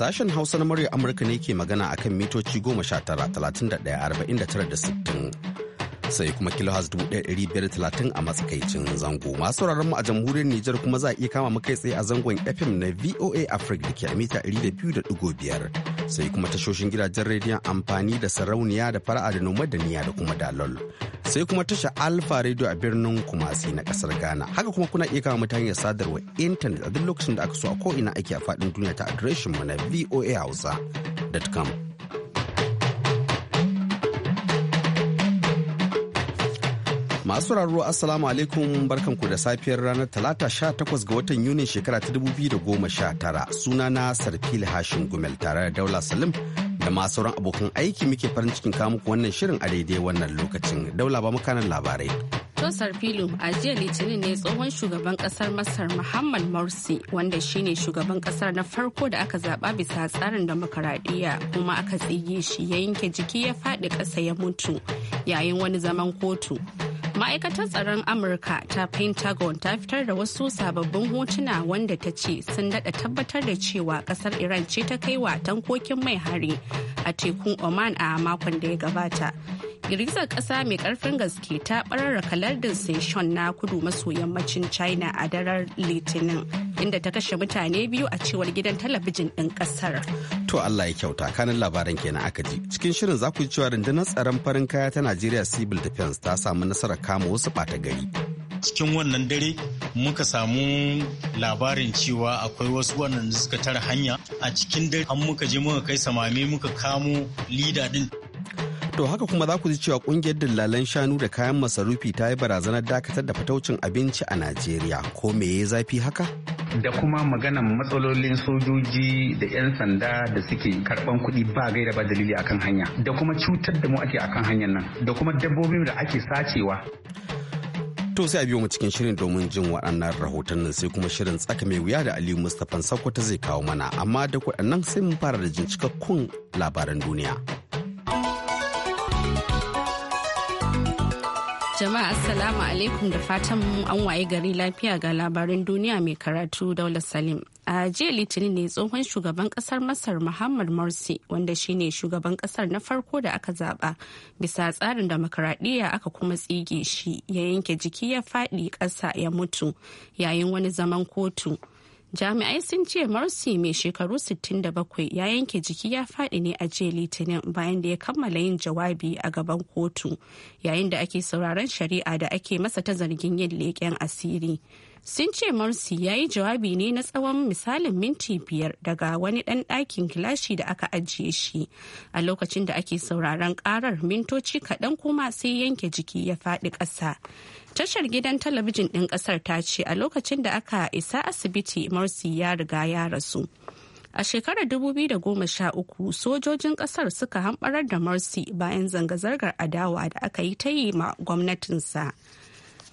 Sashen Hausa na murya Amurka ne ke magana akan mitoci 19, tara, talatin da sittin. sai kuma kilohaz 1530 a matsakaicin zango masu mu a jamhuriyar Nijar kuma za a iya kama mu kai tsaye a zangon FM na VOA Africa da ke a mita 200.5 sai kuma tashoshin gidajen rediyon amfani da sarauniya da fara'a da noma da niya da kuma dalol sai kuma tasha Alfa Radio a birnin Kumasi na kasar Ghana haka kuma kuna iya kama mu ta hanyar sadarwa intanet a duk lokacin da aka so a ko ina ake a faɗin duniya ta adireshin mu na hausa.com Masu raro Assalamu alaikum barkanku da safiyar ranar Talata sha takwas ga watan Yunin shekara ta dubu biyu da goma sha tara suna na sarfili Hashin Gumel tare da Daula Salim da masu sauran abokan aiki muke farin cikin kamuku wannan shirin a daidai wannan lokacin. Daula ba makanan labarai. Josar Sarfilu a jiya Litinin ne tsohon shugaban kasar Masar Muhammad Morsi wanda shine shugaban kasar na farko da aka zaba bisa tsarin demokaradiyya kuma aka tsige shi ya yanke jiki ya faɗi ƙasa ya mutu yayin wani zaman kotu. ma'aikatar tsaron amurka ta pentagon ta fitar da wasu sababbin hotuna wanda ta ce sun dada tabbatar da cewa kasar iran ce ta kai wa tankokin mai hari a tekun oman a makon da ya gabata girgizar kasa mai karfin gaske ta barara lardin Sichuan na kudu maso yammacin China a daren Litinin inda ta kashe mutane biyu a cewar gidan talabijin din kasar. To Allah ya kyauta kanin labaran kenan aka ji. Cikin shirin za ku ji cewa rundunar tsaron farin kaya ta Najeriya Civil Defense ta samu nasarar kama wasu bata gari. Cikin wannan dare muka samu labarin cewa akwai wasu wannan suka tara hanya a cikin dare an muka je muka kai samami muka kamo lida din. To haka kuma za ku ji cewa kungiyar dillalan shanu da kayan masarufi ta yi barazanar dakatar da fataucin abinci a Najeriya ko me ya zafi haka? Da kuma maganan matsalolin sojoji da 'yan sanda da suke karban kuɗi ba gaira ba dalili akan hanya da kuma cutar da mu ake akan hanyar nan da kuma dabbobin da ake sacewa. To sai a biyo mu cikin shirin domin jin waɗannan rahotannin sai kuma shirin tsaka mai wuya da Aliyu Mustapha Sakkwata zai kawo mana amma da waɗannan sai mun fara da cikakkun labaran duniya. Jama'a Assalamu alaikum da fatan an waye gari lafiya ga labarin duniya mai karatu daular Salim. A jiya Litinin ne tsohon shugaban kasar Masar Muhammad Morsi wanda shine shugaban kasar na farko da aka zaba bisa tsarin demokradiyya aka kuma tsige shi ya yanke jiki ya faɗi ƙasa ya mutu yayin wani zaman kotu. jami'ai sun ce marcy mai shekaru 67 ya yanke jiki ya faɗi ne a jiya litinin bayan da ya kammala yin jawabi a gaban kotu yayin da ake sauraron shari'a da ake masa ta zargin yin leƙen asiri sun ce marcy ya yi jawabi ne na tsawon misalin minti biyar daga wani ɗan ɗakin gilashi da aka ajiye shi a lokacin da ake sauraron ƙarar mintoci kaɗan kuma sai yanke jiki ya faɗi ƙasa tashar gidan talabijin ɗin ƙasar ta ce a lokacin da aka isa asibiti marsi ya riga ya rasu a shekarar 2013 sojojin ƙasar suka hamɓarar da marsi bayan zanga-zangar adawa da aka yi ta yi ma gwamnatinsa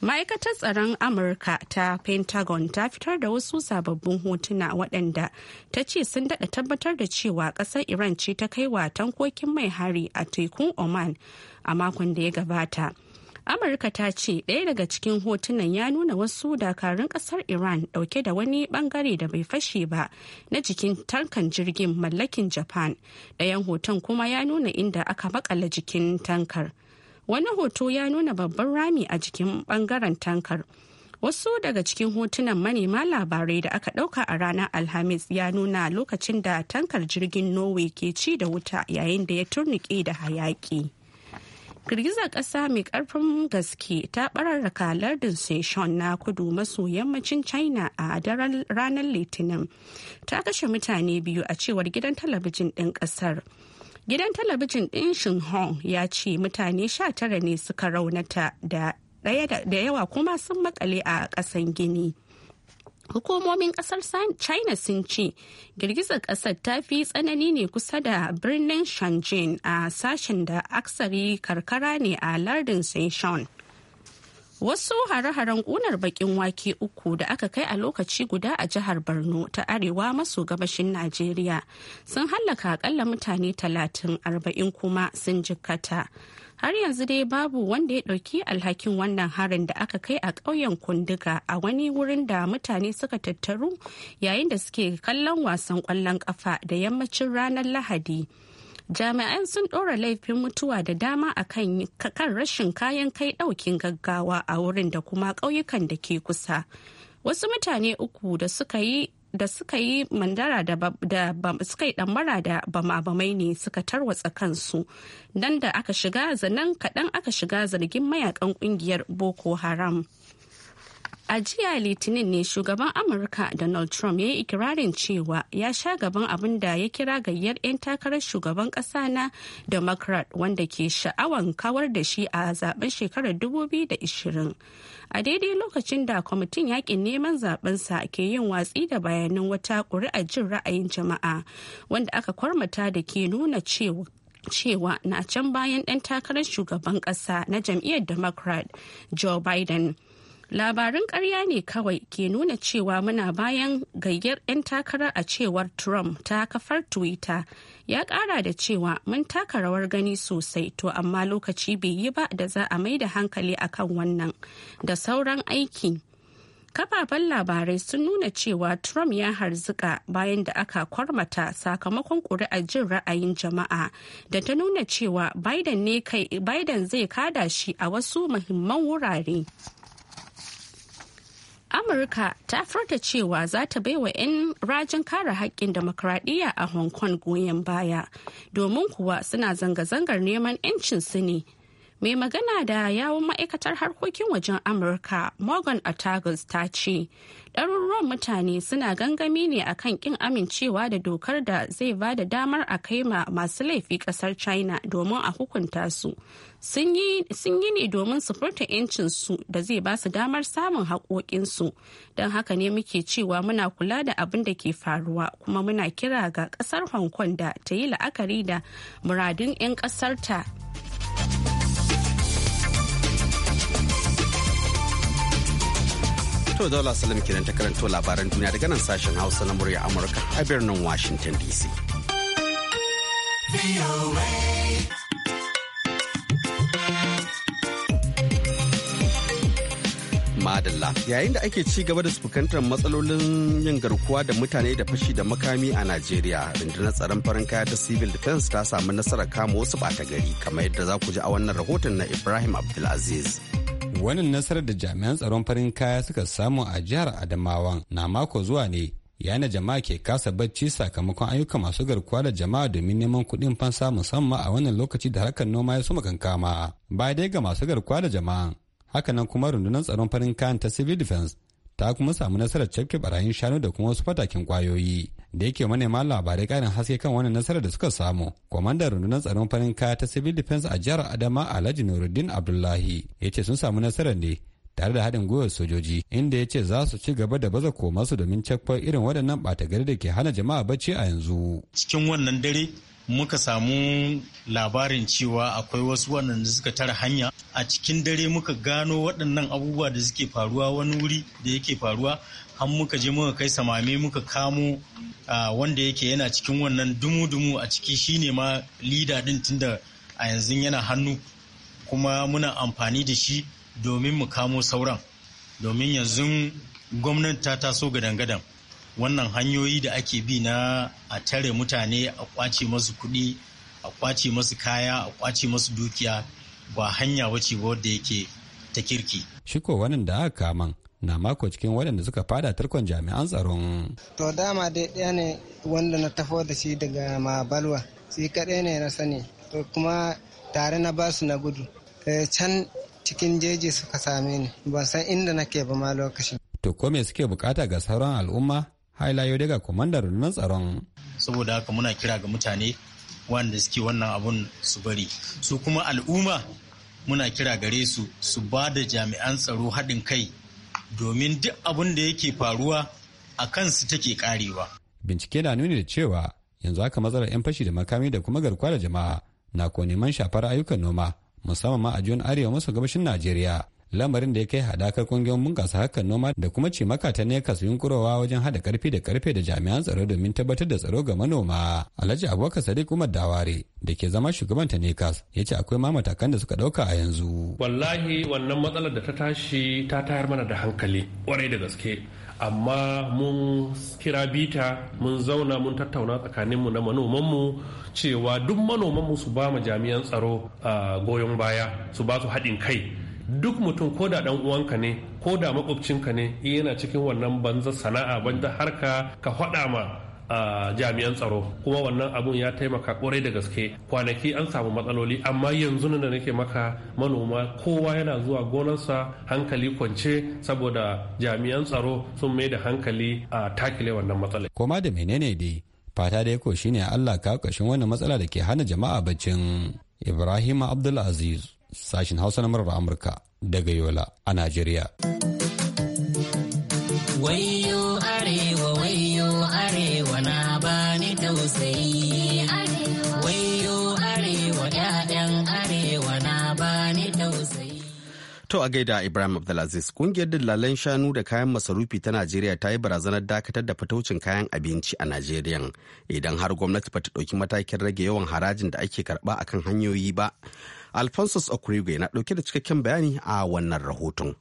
ma'aikatar tsaron amurka ta pentagon ta fitar da wasu sababbin hotuna waɗanda ta ce sun daɗa tabbatar da cewa ƙasar iran ce ta kai wa tankokin mai hari a tekun oman a makon da ya gabata amurka ta ce ɗaya daga cikin hotunan ya nuna wasu dakarun ƙasar iran ɗauke da wani ɓangare da bai fashe ba na jikin tankan jirgin mallakin japan ɗayan hoton kuma ya nuna inda aka makala jikin tankar wani hoto ya nuna babban rami a jikin bangaren tankar wasu daga cikin hotunan manema labarai da aka ɗauka a ranar alhamis ya nuna lokacin da tankar jirgin norway ke ci da wuta yayin da ya turnuƙe da hayaƙi. girgizar ƙasa mai ƙarfin gaske ta bararraka lardin Sichuan na kudu maso yammacin China a daren ranar Litinin. Ta kashe mutane biyu a cewar gidan talabijin ɗin ƙasar. Gidan talabijin ɗin Shinhong ya ce mutane sha tara ne suka raunata da yawa kuma sun makale a ƙasan Gini. hukumomin kasar china sun ce girgizar kasar ta fi tsanani ne kusa da birnin shenzhen a sashen da aksari karkara ne a lardin seishan wasu hare-haren kunar bakin wake uku da aka kai a lokaci guda a jihar borno ta arewa maso gabashin najeriya sun hallaka akalla mutane talatin arba'in kuma sun jikkata har yanzu dai babu wanda ya ɗauki alhakin wannan harin da aka kai a ƙauyen kunduga a wani wurin da mutane suka tattaru yayin da suke kallon wasan ƙwallon ƙafa da yammacin ranar lahadi jami'an sun ɗora laifin mutuwa da dama a kan rashin kayan kai ɗaukin gaggawa a wurin da kuma ƙauyukan da ke kusa wasu mutane uku da suka yi da suka yi mandara da suka yi damara da bama-bamai ne suka tarwatsa kansu nan da aka shiga zanen kaɗan aka shiga zargin mayakan ƙungiyar boko haram A jiya Litinin ne shugaban Amurka Donald Trump ya yi ikirarin cewa ya sha gaban abin da ya kira gayyar 'yan takarar shugaban ƙasa na Democrat wanda ke sha'awan kawar da shi a zaben shekarar 2020. A daidai lokacin da kwamitin yakin neman zabensa ke yin watsi da bayanan wata ƙuri'a jin ra'ayin jama'a wanda aka kwarmata da ke nuna cewa cewa na can bayan ɗan takarar shugaban ƙasa na jam'iyyar democrat joe biden labarin karya ne kawai ke nuna cewa muna bayan gayyar 'yan takara a cewar trump ta kafar twitter ya kara da cewa mun taka rawar gani sosai to amma lokaci bai yi ba da za a mai da hankali akan wannan da sauran aiki kafafen labarai sun nuna cewa trump ya harzuka bayan da aka kwarmata sakamakon kuri'ar jin ra'ayin jama'a da ta nuna cewa biden zai kada shi a wasu muhimman wurare. Amurka ta furta cewa za ta baiwa 'yan rajin kare haƙƙin demokuraɗiyya a Hong Kong goyon baya, domin kuwa suna zanga-zangar neman 'yancin su ne mai magana da yawon ma'aikatar harkokin wajen amurka morgan atagos ta ce ɗaruruwan mutane suna gangami ne akan ƙin amincewa da dokar da zai ba da damar a kai ma masu laifi ƙasar china domin a hukunta su sun yi ne domin su furta 'yancinsu da zai ba su damar samun haƙoƙinsu don haka ne muke cewa muna kula da abin da ke faruwa kuma muna kira ga ƙasar hong kong da ta yi la'akari da muradun 'yan ƙasarta. To Daula Salim kenan ta karanto labaran duniya daga nan sashen Hausa na murya Amurka a birnin Washington DC. Madalla yayin da ake ci gaba da fuskantar matsalolin yin garkuwa da mutane da fashi da makami a Najeriya, rundunar tsaron farin kaya ta Civil Defense ta samu nasarar kama wasu ɓata gari kamar yadda za ku ji a wannan rahoton na Ibrahim Abdulaziz. wannan nasarar da jami'an tsaron farin kaya suka samu a jihar adamawa na mako zuwa ne yana jama'a ke kasa bacci sakamakon ayyuka masu garkuwa da jama'a domin neman kuɗin fansa musamman a wannan lokaci da harkar noma ya suma kankama ba dai ga masu garkuwa da jama'a hakanan kuma rundunar tsaron farin kaya ta civil defense ta kuma samu nasarar cafke barayin shanu da kuma wasu fatakin kwayoyi da yake manema labarai karin haske kan wannan nasarar da suka samu kwamandan rundunar tsaron farin kaya ta civil defense a jihar adama alhaji nuruddin abdullahi ya ce sun samu nasarar ne tare da haɗin gwiwar sojoji inda ya ce za su ci gaba da baza koma su domin cakwar irin waɗannan ɓata gari da ke hana jama'a bacci a yanzu cikin wannan dare muka samu labarin cewa akwai wasu waɗanda suka tara hanya a cikin dare muka gano waɗannan abubuwa da suke faruwa wani wuri da yake faruwa har muka je muka kai samame muka kamo wanda yake yana cikin wannan dumu-dumu a ciki shine ma lida din tunda a yanzu yana hannu kuma muna amfani da shi domin mu kamo sauran domin yanzu gwamnati ta taso gadan-gadan wannan hanyoyi da ake bi na a tare mutane a kwace masu kuɗi a kwace masu kaya a kwace masu dukiya ba hanya wacce wadda yake ta kirki. Shiko wannan da aka kaman na mako cikin waɗanda suka fada tarkon jami'an tsaron. To dama dai ɗaya ne wanda na tafo da shi daga Mabalwa, shi kaɗai ne na sani, to kuma tare na basu na gudu. Eh, can cikin jeji suka same ni, ban san inda nake ba ma lokacin. To ko me suke bukata ga sauran al'umma? Hailayo daga kwamandar rundunar tsaron. Saboda haka muna kira ga mutane wanda suke wannan abun su bari. Su kuma al'umma muna kira gare su su ba da jami'an tsaro haɗin kai domin duk abin da yake faruwa a kansu take karewa. Bincike na nuni da cewa yanzu haka matsalar 'yan fashi da makami da kuma garkuwa da jama'a na ko neman shafar ayyukan noma musamman ma a jiyon arewa maso gabashin Najeriya lamarin da ya kai hadakar kungiyoyin bunkasa hakan noma da kuma cimaka ta kasu yunkurowa wajen hada karfi da karfe da jami'an tsaro domin tabbatar da tsaro ga manoma alhaji abubakar sadiq umar daware da ke zama shugaban ta nekas ya ce akwai ma matakan da suka dauka a yanzu wallahi wannan matsalar da ta tashi ta tayar mana da hankali kwarai da gaske amma mun kira bita mun zauna mun tattauna tsakaninmu na manomanmu cewa duk manomanmu su ba ma jami'an tsaro ah, goyon baya su ba su haɗin kai duk mutum ko da dan uwanka ne ko da makwabcinka ne eh, yana cikin wannan banza sana'a banza harka ka hada ma a ah, jami'an tsaro kuma wannan abun ya taimaka kwarai da gaske kwanaki an samu matsaloli amma yanzu da nake maka manoma kowa yana zuwa gonarsa hankali kwance saboda jami'an tsaro sun mai da hankali a takile wannan matsalai koma da menene dai fata da yako shine Allah ka kashin wannan matsala da ke hana jama'a baccin Ibrahim Abdulaziz Sashen hausa na murar amurka daga yola a najeriya wayo arewa wayo arewa na bani tausayi wayo arewa ƴaƴan arewa na tausayi To a gaida Ibrahim Abdulaziz ƙungiyar dillalan shanu da kayan masarufi ta Najeriya ta yi barazanar dakatar da fitaucin kayan abinci a Najeriya idan har gwamnati ba ta ɗauki matakin rage yawan harajin da ake karɓa akan hanyoyi ba. alphonsus okurigwe na ɗauke da cikakken bayani a wannan rahoton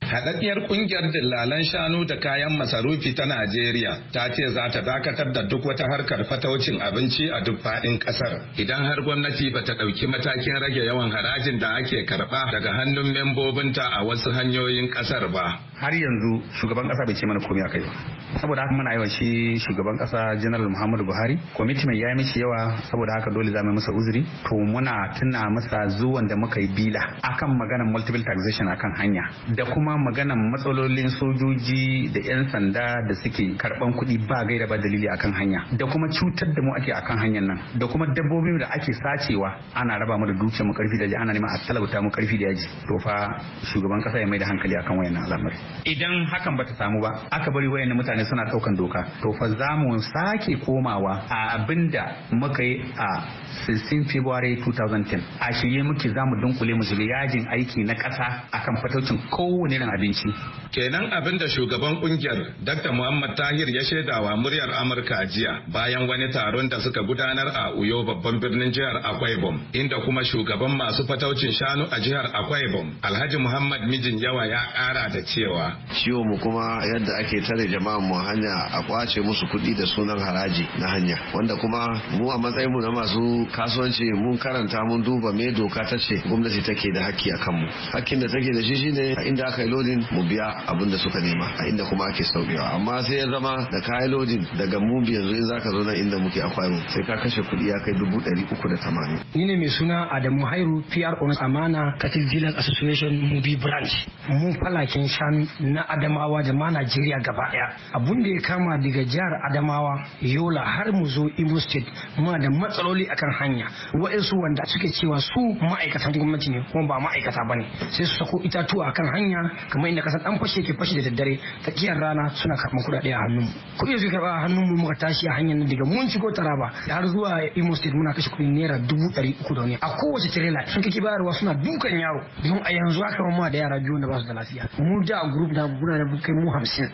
Haɗaɗɗiyar ƙungiyar dillalan shanu da kayan masarufi ta Najeriya ta ce za ta dakatar da duk wata harkar fataucin abinci a duk faɗin ƙasar. Idan har gwamnati ba ta ɗauki matakin rage yawan harajin da ake karɓa daga hannun membobinta a wasu hanyoyin ƙasar ba. Har yanzu shugaban ƙasa bai ce mana komai a kai ba. saboda haka muna yawa shi shugaban kasa general muhammadu buhari kwamiti mai ya mishi yawa saboda haka dole za mu masa uzuri to muna tuna masa zuwan da muka yi bila akan maganan multiple taxation akan hanya da kuma maganan matsalolin sojoji da yan sanda da suke karban kuɗi ba gaira ba dalili akan hanya da kuma cutar da mu ake akan hanyar nan da kuma dabbobi da ake sacewa ana raba mu da dukiyar mu karfi da ana neman a talauta mu karfi da yaji to fa shugaban kasa ya mai da hankali akan wayannan al'amari idan hakan bata samu ba aka bari wayannan mutane mutane suna ɗaukan doka to fa za mu sake komawa a abin da muka yi a 16 february 2010 a shirye muke za mu dunkule mu shiga yajin aiki na ƙasa a kan fataucin kowane irin abinci kenan abin da shugaban kungiyar dr muhammad tahir ya shaidawa muryar amurka jiya bayan wani taron da suka gudanar a uyo babban birnin jihar akwaibom inda kuma shugaban masu fataucin shanu a jihar akwaibom alhaji muhammad mijin yawa ya kara da cewa ciwo mu kuma yadda ake tare jama'a mu hanya a kwace musu kuɗi da sunan haraji na hanya wanda kuma mu a matsayin mu na masu kasuwanci mun karanta mun duba me doka ta ce gwamnati take da hakki a mu hakkin da take da shi shine inda aka yi lodin mu biya abin da suka nema a inda kuma ake saukewa amma sai ya zama da yi lodin daga mu yanzu in zaka zo nan inda muke akwai sai ka kashe kuɗi ya kai dubu ɗari uku da tamanin. ni ne mai suna adamu hairu pr on amana cattle dealers association mubi branch mun falakin shanu na adamawa jama'a najeriya gaba ɗaya abun da ya kama daga jihar adamawa yola har mu zo imo state muna da matsaloli akan hanya wa'insu wanda suke cewa su ma'aikatan gwamnati ne kuma ba ma'aikata ba ne sai su sako itatuwa akan hanya kamar inda kasar dan fashe ke fashe da daddare tsakiyar rana suna karɓar kuɗaɗe a hannun kuɗi da karɓa a hannun mu muka tashi a hanyar daga mun shigo taraba har zuwa imo state muna kashe kuɗi naira dubu ɗari uku da wani a kowace tirela sun kake bayarwa suna dukan yaro don a yanzu haka ma da yara biyu na ba su da lafiya mu da a group na guna da kai mu hamsin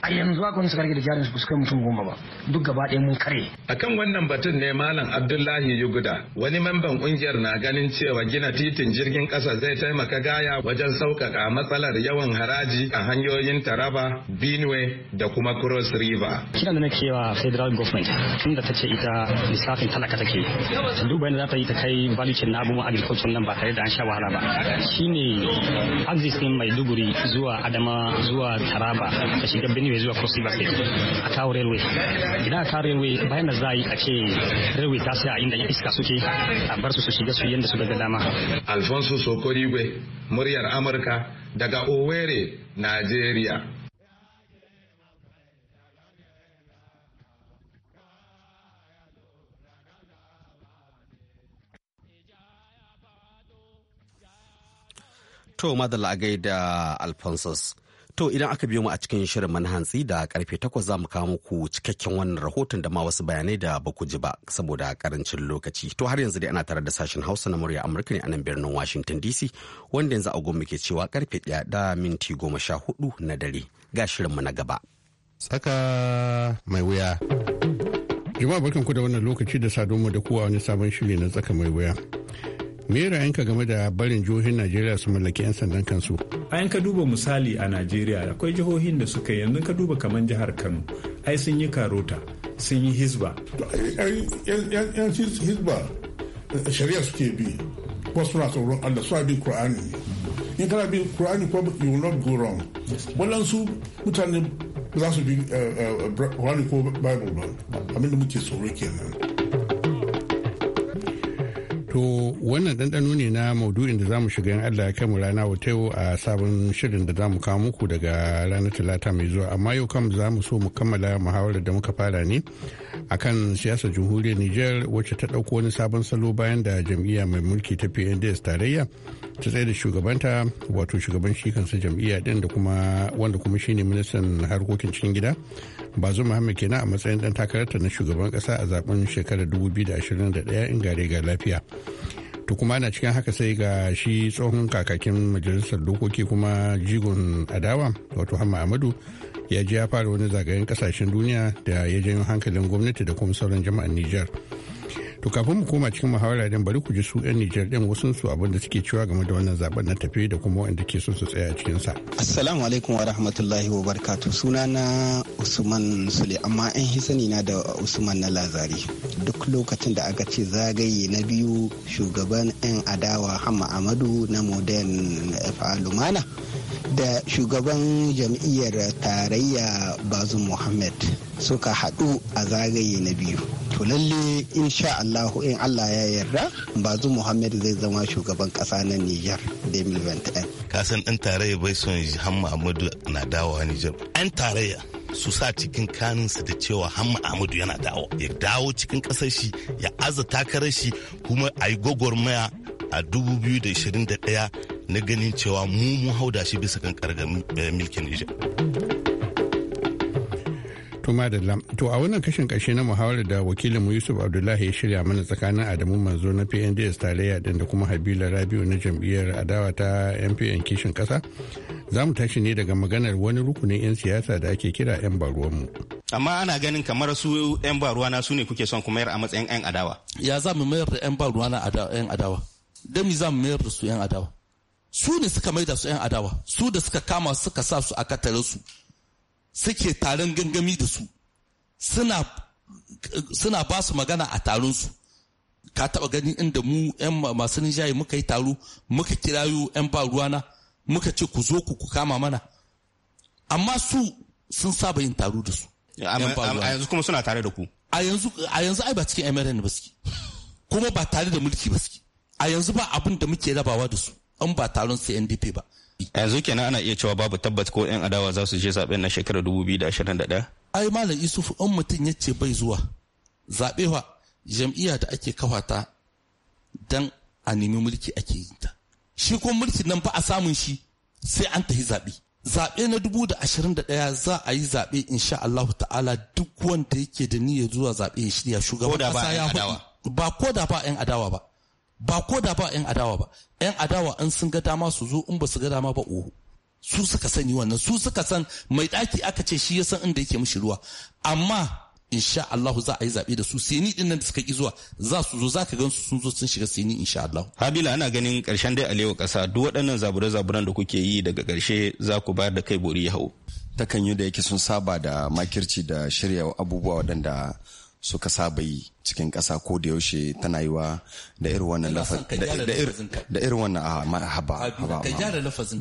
a yanzu ba wani suka da jarin su kai mutum goma ba duk gaba ɗaya mun kare akan wannan batun ne malam abdullahi yuguda wani mamban ƙungiyar na ganin cewa gina titin jirgin ƙasa zai taimaka gaya wajen sauƙaƙa matsalar yawan haraji a hanyoyin taraba benue da kuma cross river kiran da nake wa federal government tun da ta ce ita lissafin talaka take ta duba yadda za ta yi ta kai balicin na abubuwan agriculture nan ba tare da an sha wahala ba shine axis mai maiduguri zuwa adama zuwa taraba ta shiga benue zuwa cross receivers a kawo railway idan a kawo railway bayan da za a yi a ce railway ta sai a inda iska suke a bar su su shiga su yanda su daga dama alfonso sokorigwe muryar amurka daga owerri nigeria To madalla a gaida Alphonsus. To idan aka biyo mu a cikin shirin manhantsi da karfe takwas za mu kawo muku cikakken wannan rahoton da ma wasu bayanai da ba ku ji ba saboda karancin lokaci. To har yanzu dai ana tare da sashen Hausa na murya Amurka ne a nan birnin Washington DC wanda yanzu a agogo ke cewa karfe ɗaya da minti goma sha hudu na dare ga shirinmu na gaba. Tsaka mai wuya. Jama'a barkan ku da wannan lokaci da sadonmu da kowa wani sabon shiri na tsaka mai wuya. me ra'ayinka game da barin jihohin najeriya su mallaki 'yan sandan kansu ayan ka duba misali a najeriya akwai jihohin da suka yanzu ka duba kamar jihar kano ai sun yi karota sun yi hizba yan hizba shari'a suke bi ko suna tsoron allah suna bi kur'ani in kana bi kur'ani ko you will not go wrong su mutane za su bi eh, eh, kur'ani ko bible ba abinda muke tsoro kenan To wannan ɗanɗano ne na maudu'in da za mu shiga in Allah ya kai mu rana wata yau a sabon shirin da za mu kawo muku daga ranar talata mai zuwa amma yau kam za mu so mu kammala muhawarar da muka fara ne akan siyasar jamhuriyar Nijar wacce ta ɗauko wani sabon salo bayan da jam'iyya mai mulki ta PNDS tarayya ta tsaye da shugabanta wato shugaban shi kansa jam'iyya ɗin da kuma wanda kuma shine ministan harkokin cikin gida bazu muhammad kenan a matsayin dan takararta na shugaban kasa a zaben shekarar 2021 in gare ga lafiya to kuma na cikin haka sai ga shi tsohon kakakin majalisar dokoki kuma jigon adawa wato hamma amadu ya ji ya fara wani zagayen kasashen duniya da ya janyo hankalin gwamnati da kuma sauran jama'an nijar To kafin mu koma cikin muhawara din bari ku ji su 'yan Nijar din wasu su abin da suke cewa game da wannan zaben na tafe da kuma wanda ke so su tsaya cikin sa. Assalamu alaikum wa rahmatullahi wa barakatuh. Sunana Usman Sule amma in ni na da Usman na Lazari. Duk lokacin da aka ce zagaye na biyu shugaban 'yan adawa Hamma Amadu na Modern Lumana da shugaban jam'iyyar tarayya bazu muhammad suka haɗu a zagaye na biyu to lalle insha Allah in Allah ya yarda bazu Muhammad zai zama shugaban kasa na Niger 2021 ka san dan tarayya bai son Hamma Amadu na dawowa Niger an tarayya su sa cikin kaninsu da cewa hamma Amadu yana dawo ya dawo cikin ƙasar shi ya aza takarar shi kuma a yi gwagwarmaya a 2021 na ganin cewa mu mun hauda shi bisa kan kargar eh, milkin Nijar. To to a wannan kashin ƙarshe na muhawarar da wakilinmu Yusuf Abdullahi ya shirya mana tsakanin Adamu Manzo na PNDS tarayya din da kuma Habila Rabiu na jam'iyyar adawa ta MPN kishin ƙasa. Za mu tashi ne daga maganar wani rukunin 'yan siyasa da ake kira 'yan baruwanmu. Amma ana ganin kamar su 'yan baruwana su ne kuke son ku mayar a matsayin 'yan adawa. Ya za mu mayar da 'yan baruwana 'yan adawa. Da mi za mu mayar da su 'yan adawa. su ne suka maida su 'yan adawa su da suka kama suka sa su a katare su suke taron gangami da su suna ba su magana a taron su ka taba gani inda mu 'yan masu nijayi muka yi taro muka kirayo 'yan ba ruwana muka ce ku zo ku ku kama mana amma su sun saba yin taro da su a yanzu kuma suna tare da ku a yanzu ai ba cikin mrn ba suke kuma ba tare da mulki ba suke a yanzu ba abin da muke rabawa da su an ba taron CNDP ba. Yanzu kenan ana iya cewa babu tabbat ko 'yan adawa za su je zaben na shekarar 2021? Ai Malam Isufu in mutum ya ce bai zuwa zaɓewa jam'iyya da ake kawata don a nemi mulki ake yi ta. Shi ko mulki nan ba a samun shi sai an tafi zaɓe. Zaɓe na dubu da ashirin da ɗaya za a yi zaɓe insha Allahu ta'ala duk wanda yake da niyyar zuwa zaɓe ya shirya shugaban ƙasa ya ba ko da ba 'yan adawa ba. ba ko da ba 'yan adawa ba 'yan adawa in sun ga dama su zo in ba su ga dama ba oho su suka sani wannan su suka san mai ɗaki aka ce shi ya san inda yake mishi ruwa amma insha Allah za a yi zaɓe da su seni din nan da suka ki zuwa za su zo za ka gan su sun zo sun shiga seni insha Allah Habila ana ganin karshen dai alewa kasa duk waɗannan zabure-zaburen da kuke yi daga karshe za ku bayar da kai bori ya hau. Takan yi da yake sun saba da makirci da shirya abubuwa waɗanda suka saba yi cikin ƙasa ko da yaushe tana yi wa da irin wannan lafazin da irin wannan a haba haba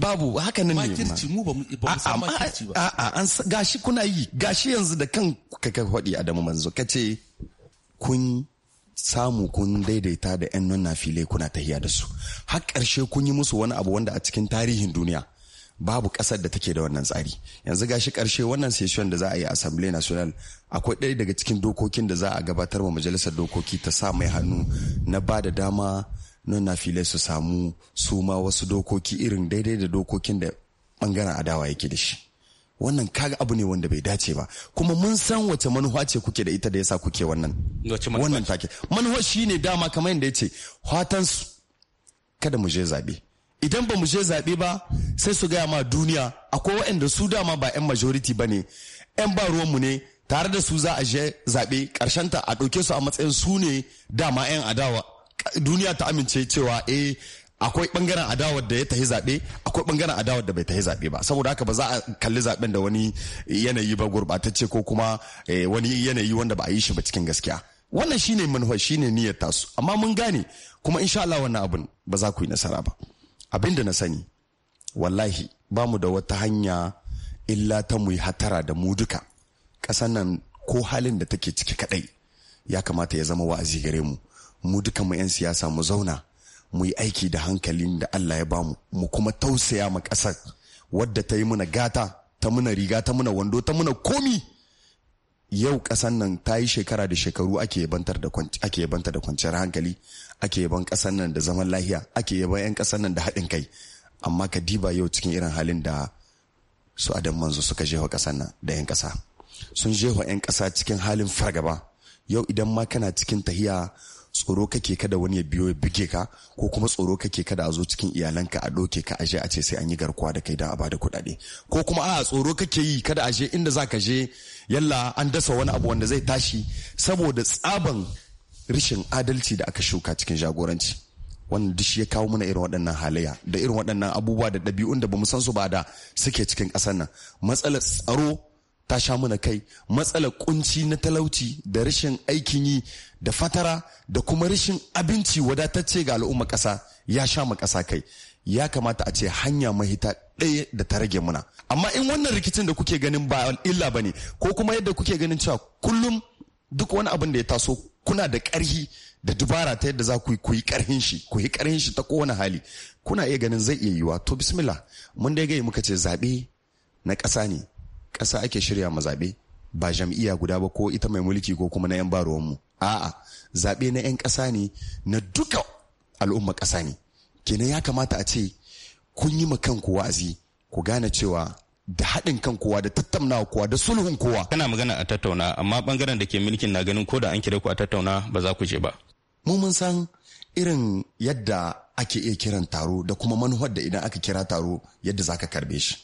babu haka nan ne mu ba mu san makirci ba a an gashi kuna yi gashi yanzu da kan ka ka a Adamu manzo kace kun samu kun daidaita da 'yan nuna filai kuna tahiya da su har ƙarshe kun yi musu wani abu wanda a cikin tarihin duniya babu kasar da take da wannan tsari yanzu gashi karshe wannan session da za a yi assembly national akwai ɗaya daga cikin dokokin da za a gabatar wa majalisar dokoki ta sa mai hannu na ba da dama na filai su samu su ma wasu dokoki irin daidai da dokokin da bangaren adawa yake da shi wannan kaga abu ne wanda bai dace ba kuma mun san wace manuwa ce kuke da ita da yasa kuke wannan wannan take manuwa shine dama kamar yadda yace fatan kada mu je zabe idan ba mu je zaɓe ba sai su gaya ma duniya akwai waɗanda su dama ba 'yan majority ba ne 'yan ba mu ne tare da su za a je zaɓe ta a ɗauke su a matsayin su ne dama 'yan adawa duniya ta amince cewa eh akwai bangaren adawar da ya tahi zaɓe akwai bangaren adawar da bai tahi zaɓe ba saboda haka ba za a kalli zaɓen da wani yanayi ba gurɓatacce ko kuma eh, wani yanayi wanda ba a yi shi ba cikin gaskiya wannan shine manufa shine niyyar tasu amma mun gane kuma insha Allah wannan abun ba za ku yi nasara ba Abin da na sani wallahi ba mu da wata hanya illa ta mu yi hatara da mu duka ƙasan nan ko halin da take ciki kadai ya kamata ya zama wa'azi gare mu mu duka mu 'yan siyasa mu zauna mu yi aiki da hankalin da Allah ya bamu mu kuma tausaya ma ƙasar wadda ta yi muna gata ta muna riga ta muna wando ta muna komi yau kasan nan ta yi shekara da shekaru ake yabantar da kwanciyar hankali ake yaban kasan nan da zaman lahiya ake yaban yan kasan nan da haɗin kai amma ka diba yau cikin irin halin da su adam manzo suka jefa kasan nan da yan kasa sun jefa yan kasa cikin halin fargaba yau idan ma kana cikin tahiya tsoro kake kada wani ya biyo ya buge ka ko kuma tsoro kake kada a zo cikin iyalanka a doke ka aje a ce sai an yi garkuwa da kai don a bada kuɗaɗe ko kuma a tsoro kake yi kada a je inda za ka je yalla an dasa wani abu wanda zai tashi saboda tsaban rashin adalci da aka shuka cikin jagoranci wannan duk shi ya kawo mana irin waɗannan halayya da irin waɗannan abubuwa da ɗabi'un da bamu san su ba da suke cikin ƙasar nan matsalar tsaro ta sha mana kai matsalar kunci na talauci da rashin aikin yi da fatara da kuma rashin abinci wadatacce ga al'umma kasa ya sha ma kasa kai ya kamata a ce hanya mahita ɗaya da ta rage muna amma in wannan rikicin da kuke ganin ba illa ba ne ko kuma yadda kuke ganin cewa kullum duk wani abin da ya taso kuna da ƙarhi da dubara ta yadda za ku yi ƙarhin shi ku yi ƙarhin shi ta kowane hali kuna iya ganin zai iya yiwa to bismillah mun dai gai muka ce zaɓe na ƙasa ne ƙasa ake shirya ma zaɓe ba jam'iyya guda ba ko ita mai mulki ko kuma na 'yan baruwanmu a'a zaɓe na 'yan ƙasa ne na duka al'umma ƙasa ne kenan ya kamata a ce kun yi ma kanku wa'azi ku gane cewa da haɗin kan kowa da tattaunawa kowa da sulhun kowa. Kana magana a tattauna amma bangaren da ke mulkin na ganin ko da an kira ku a tattauna ba za ku je ba. Mu mun san irin yadda ake iya kiran taro da kuma manuwar da idan aka kira taro yadda za ka karbe shi.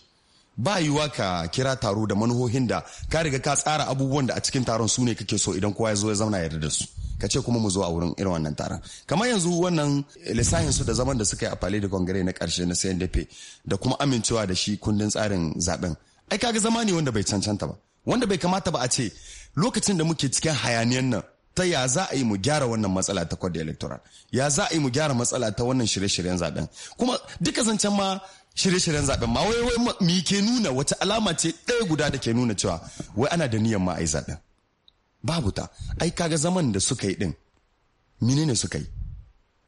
ba yiwuwa ka kira taro da manuhohin da ka riga ka tsara abubuwan da a cikin taron su ne kake so idan kowa ya zo ya zauna yarda da su ka ce kuma mu zo a wurin irin wannan taron kamar yanzu wannan lissafin su da zaman da suka yi a palais da kongare na karshe na CNDP da kuma amincewa da shi kundin tsarin zaben ai kaga zama ne wanda bai cancanta ba wanda bai kamata ba a ce lokacin da muke cikin hayaniyan nan ta ya za a yi mu gyara wannan matsala ta kwadda electoral ya za a yi mu gyara matsala ta wannan shirye-shiryen zaben kuma duka zancen ma shirye-shiryen zaɓe ma wai wai mi ke nuna wata alama ce ɗaya guda da ke nuna cewa wai ana da niyan ma yi zaɓen babu ta ai kaga zaman da suka yi ɗin din ne suka yi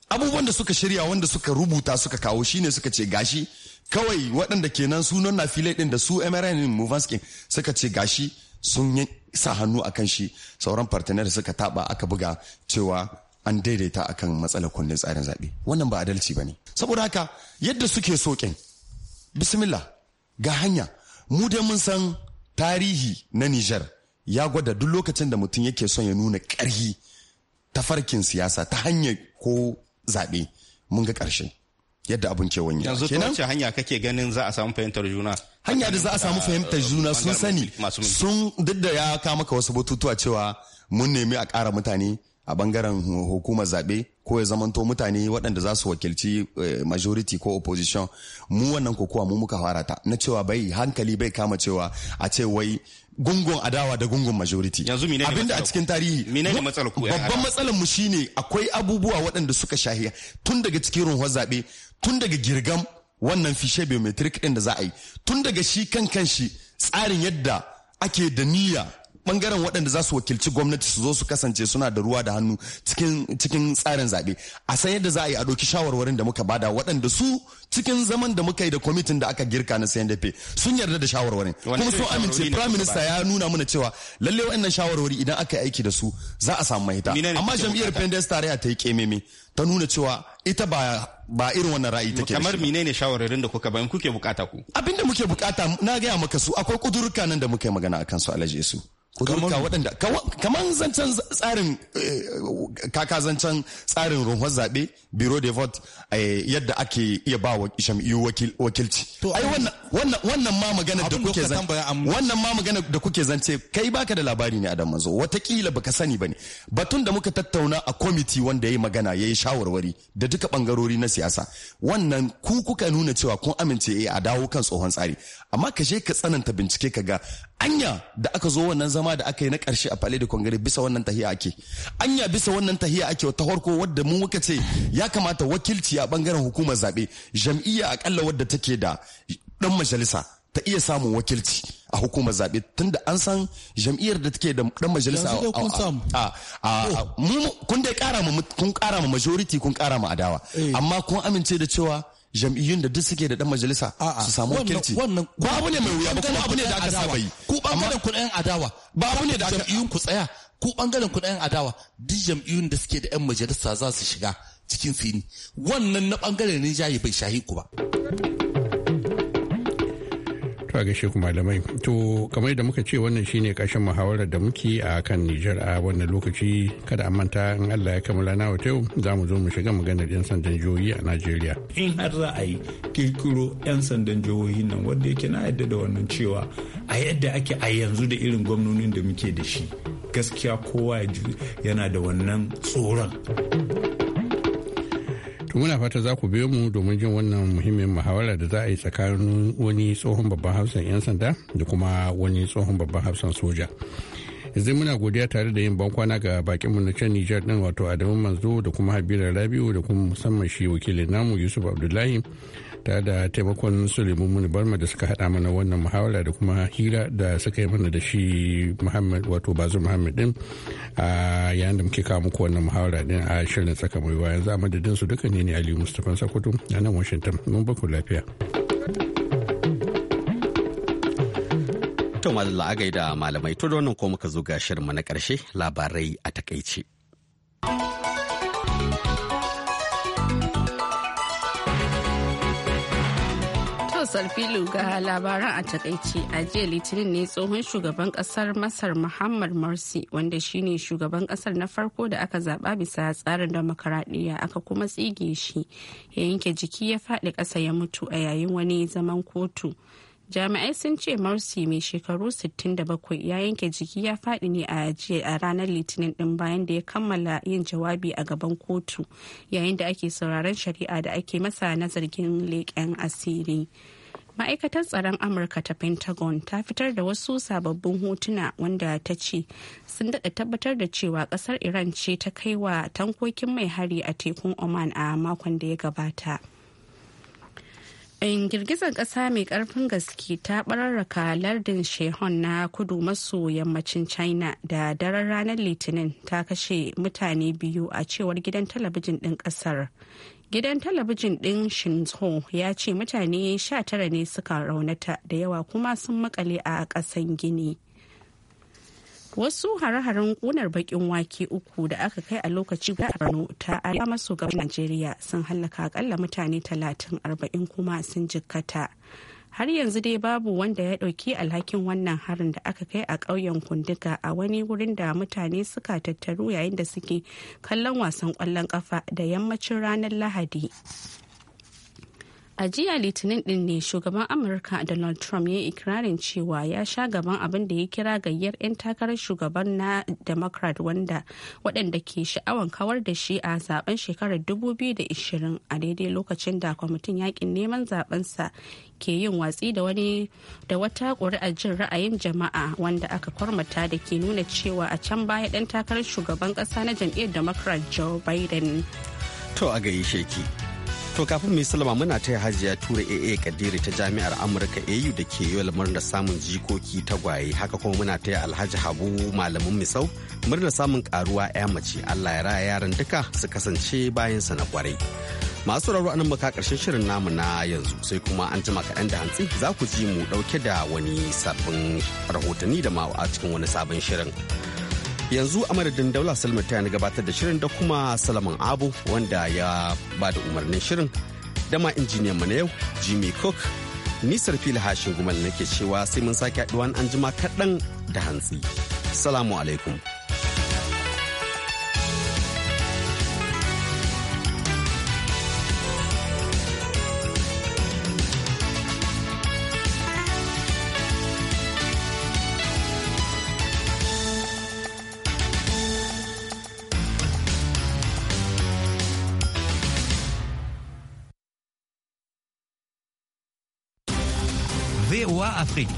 abubuwan da suka shirya wanda suka rubuta suka kawo shine suka ce gashi kawai waɗanda kenan sunan na filai ɗin da su MRN Movanskin suka ce gashi sun yi sa hannu akan shi sauran partner suka taɓa aka buga cewa an daidaita akan matsalar kundin tsarin zaɓe wannan ba adalci ba ne saboda haka yadda suke soƙin bismillah ga hanya mu dai mun san tarihi na Nijar ya gwada duk lokacin da mutum yake son ya nuna ƙarhi ta farkin siyasa ta hanyar ko zaɓe mun ga ƙarshe yadda abin ke wani yanzu ta wace hanya kake ganin za a samu fahimtar juna hanya da za a samu fahimtar juna sun sani sun duk da ya kama ka wasu batutuwa cewa mun nemi a ƙara mutane a bangaren hukumar zaɓe ko ya zamanto mutane waɗanda za su wakilci eh, majority ko opposition mu wannan kokowa mu muka fara ta na cewa bai hankali bai kama cewa a ce wai gungun adawa da gungun majority yanzu mine abinda a cikin tarihi matsalar ku babban matsalar mu shine akwai abubuwa waɗanda suka shahiya tun daga cikin ruwan zabe tun daga girgam wannan fishe biometric din da za a yi tun daga shi kan kanshi tsarin yadda ake da niyya bangaren waɗanda za su wakilci gwamnati su zo su kasance suna da ruwa da hannu cikin tsarin zaɓe a san yadda za a yi a ɗauki shawarwarin da muka bada waɗanda su cikin zaman da muka yi da kwamitin da aka girka na CNDP sun yarda da shawarwarin kuma sun amince prime minister ya nuna mana cewa lalle waɗannan shawarwari idan aka yi aiki da su za a samu mahita amma jam'iyyar pendes tarayya ta yi kememe ta nuna cewa ita ba ba irin wannan ra'ayi take kamar menene shawararin da kuka bayan kuke bukata ku abinda muke bukata na gaya maka su akwai kudurka nan da muka yi magana akan su alaje su kudurta waɗanda kamar zancen tsarin eh, kaka zancen tsarin runhon zaɓe biro de vote eh, yadda ake iya ba wa shamiyu wakilci ai wannan ma magana da kuke wannan ma magana da kuke zance kai baka da labari ne adam mazo watakila baka sani bane batun da muka tattauna a kwamiti wanda yayi magana yayi shawarwari da duka bangarori na siyasa wannan ku kuka nuna cewa kun amince eh, a dawo kan tsohon tsari amma ka je ka tsananta bincike ka ga anya da aka zo wannan zama da aka yi na karshe a palais de congrès bisa wannan tahiya ake anya bisa wannan tahiya ake ta farko wadda mu muka ce ya kamata wakilci a bangaren hukumar zabe jam'iyya akalla wadda take da dan majalisa ta iya samun wakilci a hukumar zaɓe tunda an san jam'iyyar da take da dan majalisa a kun dai kara kun kara ma majority kun kara adawa eh. amma kun amince da cewa jam'iyyun da duk suke da dan majalisa su samu wakilci wannan ko abu ne mai wuya ba kuma abu ne da aka saba yi ku bangaren ku adawa ba abu ne da jam'iyyun ku tsaya ku bangaren ku adawa duk jam'iyyun da suke da yan majalisa za su shiga cikin fini wannan na bangaren ne jayi bai shahi ku ba To a gaishe malamai. To kamar da muka ce wannan shine kashin muhawarar da muke a kan Nijar a wannan lokaci kada a manta in Allah ya kammala na wata yau za mu zo mu shiga maganar 'yan sandan jihohi a Najeriya. In har za a yi kirkiro 'yan sandan jihohi nan wanda yake na yadda da wannan cewa a yadda ake a yanzu da irin gwamnonin da muke da shi gaskiya kowa yana da wannan tsoron. To muna fata za ku biyo mu domin jin wannan muhimmin muhawara da za a yi tsakanin wani tsohon babban hafsan 'yan sanda da kuma wani tsohon babban hafsan soja. yanzu muna godiya tare da yin bankwana ga bakin mu na can Nijar din wato Adamu Manzo da kuma Habira Rabiu da kuma musamman shi wakilin namu Yusuf Abdullahi ta da taimakon suleiman mun barma da suka hada mana wannan muhawara da kuma hira da suka yi mana da shi muhammad wato bazu muhammad din a yayin da muke kawo muku wannan muhawara din a shirin tsaka mai wayan za dadin su duka ne ne ali mustapha sakoto a nan washington mun baku lafiya to malalla a gaida malamai to da wannan ko muka zo ga mu na karshe labarai a takaice. filu ga labaran a takaice a jiya litinin ne tsohon shugaban kasar Masar Muhammad Morsi wanda shine shugaban kasar na farko da aka zaba bisa tsarin demokaradiyya aka kuma tsige shi ya yanke jiki ya faɗi ƙasa ya mutu a yayin wani zaman kotu. Jami'ai sun ce Morsi mai shekaru 67 ya yanke jiki ya faɗi ne a jiya a ranar litinin din bayan da ya kammala yin jawabi a gaban kotu yayin da ake sauraron shari'a da ake masa na zargin leƙen asiri. ma'aikatar tsaron amurka ta pentagon ta fitar da wasu sababbin hotuna wanda ta ce sun daɗa tabbatar da cewa ƙasar iran ce ta kai wa tankokin mai hari a tekun oman a makon da ya gabata in girgizar ƙasa mai ƙarfin gaske ta bararraka lardin shehon na kudu maso yammacin china da daren ranar litinin ta kashe mutane biyu a cewar gidan talabijin ɗin ƙasar gidan talabijin ɗin shinzo ya ce mutane sha tara ne suka raunata da yawa kuma sun makale a ƙasan gini wasu hare-haren kunar bakin wake uku da aka kai a lokaci guda a ta arewa maso gabashin Najeriya sun hallaka akalla mutane talatin arba'in kuma sun jikkata. har yanzu dai babu wanda ya ɗauki alhakin wannan harin da aka kai a ƙauyen kunduka a wani wurin da mutane suka tattaru yayin da suke kallon wasan ƙwallon ƙafa da yammacin ranar lahadi a jiya litinin din ne shugaban amurka donald trump ya yi ikirarin cewa ya sha gaban abin da ya kira gayyar 'yan takarar shugaban na democrat wanda waɗanda ke sha'awan kawar da shi a zaben shekarar 2020 a daidai lokacin da kwamitin yakin neman zabensa ke yin watsi da wani da wata ƙuri'a jin ra'ayin jama'a wanda aka kwarmata da ke nuna cewa a can baya ɗan takarar shugaban ƙasa na jam'iyyar democrat joe biden to a gaishe ki To kafin mai salama muna taya hajiya tura AA Kadiri ta jami'ar Amurka AU da ke yi da samun jikoki tagwaye haka kuma muna taya Alhaji Habu malamin Misau murna samun karuwa ya mace Allah ya raya yaran duka su kasance bayan sa na kwarai. Masu raro anan muka karshen shirin namu na yanzu sai kuma an jima kaɗan da hantsi za ku ji mu ɗauke da wani sabbin rahotanni da ma a cikin wani sabon shirin. yanzu a madadin daula salma ta na gabatar da shirin da kuma salaman abu wanda ya ba da umarnin shirin dama injiniyan mu na yau jimmy cook nisar fili hashin gumal nake cewa sai mun sake haɗuwa an jima kaɗan da hantsi salamu alaikum Afrique.